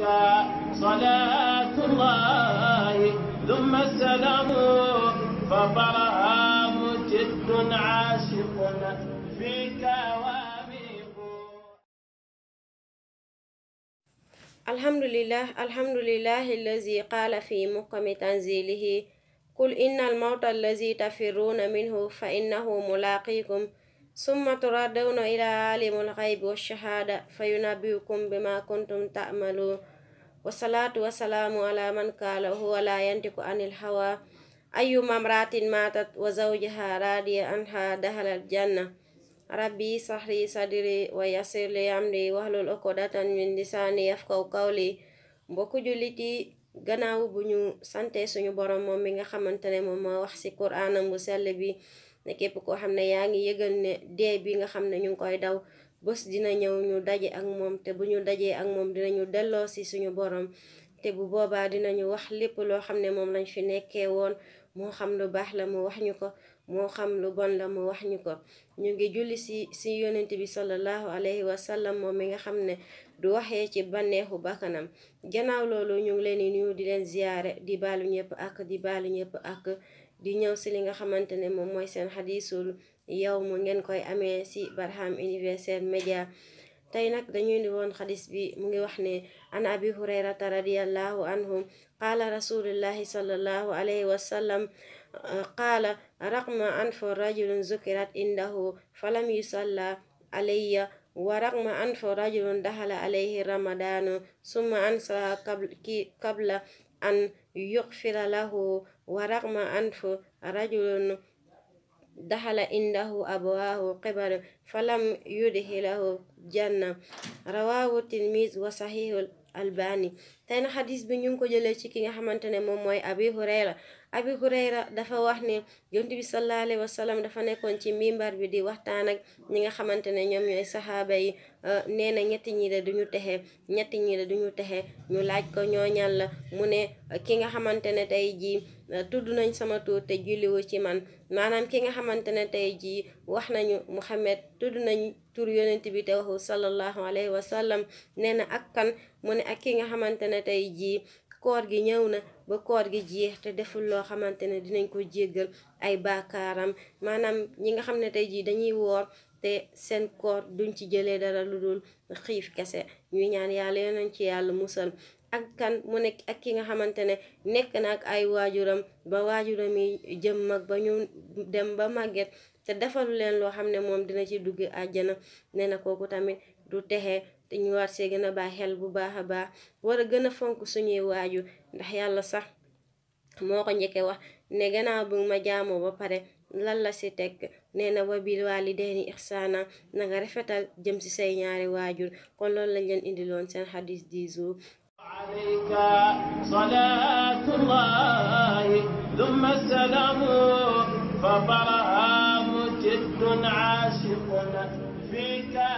عليك صلاة الله ثم السلام فطرها مجد عاشق فيك واميق الحمد لله الحمد لله الذي قال في مقام تنزيله قل إن الموت الذي تفرون منه فإنه ملاقيكم summa turaddawna ila alimul xaybi wa shahaada fa yunabbiukum bima kuntum taamaluun wasalaatu wasalaamu ala man kaala huwa la anil hawa ayuma amratin matat wa zawjaha radiya anha dahalal janna rabbi sahri sadri wa yasir li amri wahlul uqdatan min lisaani yafqaw qawli mbokku jullit yi bu ñu sante suñu borom moom mi nga xamante ne moom moo wax ci bu sell ne képp koo xam ne yaa ngi yëgal ne dee bi nga xam ne ñu ngi koy daw bës dina ñëw ñu daje ak moom te bu ñu dajee ak moom dinañu delloo si suñu borom te bu boobaa dinañu wax lépp loo xam ne moom lañ fi nekkee woon moo xam lu baax la mu wax ñu ko moo xam lu bon la mu wax ñu ko ñu ngi julli si si yonent bi sallallahu alayhi wa sallam moom mi nga xam ne du waxee ci banneexu bakkanam gannaaw loolu ñu ngi leen di nuyu di leen ziyaare di baalu ñëpp ak di baalu ñëpp ak di ñëw si li nga xamante ne moom mooy seen xadiisul yow mu ngeen koy amee si Barham Universel Media tey nag dañu indi woon xadis bi mu ngi wax ne an abi hurayrata radiallahu anhu qaala rasulullahi sallallahu alayhi wasallam qaala raqma anfu rajulun zukirat indahu falam yusalla alayya wa raqma anfu rajulun daxala alayhi ramadaanu summa ansa qabla an yuqfira lahu wa raqma anfu rajulun دخل عنده أبواه قبل فلم يدخله جنة رواه التلميذ وصحيح الألباني تاني حديث بن يونكو جلي ci ki nga xamantene mom moy Abi Hurayra abi hurayra dafa wax ni yonent bi sallallahu alayhi wa sallam dafa nekkoon ci mimbar bi di waxtaan ak ñi nga xamante ne ñoom ñooy saxaaba yi euh, nee na ñetti ñi de duñu texe ñetti ñii de duñu texe ñu laaj ko ñooñal la mu ne euh, ki nga xamante ne tey jii euh, tudd nañ sama tur te julliwu ci man maanaam ki nga xamante ne tey jii wax nañu Muhammad tudd nañu tur yonent bi te waxu sallallahu alayhi wa sallam nee na ak kan mu ne ak ki nga xamante ne tey jii koor gi ñëw na ba koor gi jeex te deful loo xamante ne dinañ ko jéggal ay baakaaram maanaam ñi nga xam ne tey jii dañuy woor te seen koor duñ ci jëlee dara lu dul xiif kese ñu ñaan yàlla nañ ci yàlla musal ak kan mu nekk ak ki nga xamante ne nekk na ak ay waajuram ba waajuram yi jëm mag ba ñu dem ba màgget te defalu leen loo xam ne moom dina ci dugg àjjana nee na kooku tamit du texe te ñu war see gën a baax xel bu baax a baax war a gën a fonk suñuy waajur ndax yàlla sax moo ko njëkke wax ne gannaaw bu ma jaamoo ba pare lan la si tekk nee na wabil waalidayni ixsaana na nga rafetal jëm si say ñaari waajur kon loolu lañ leen indiloon seen xadis di jour alayka salaatullahi thumma salaamu fa barhaamu jiddun aashiqun fika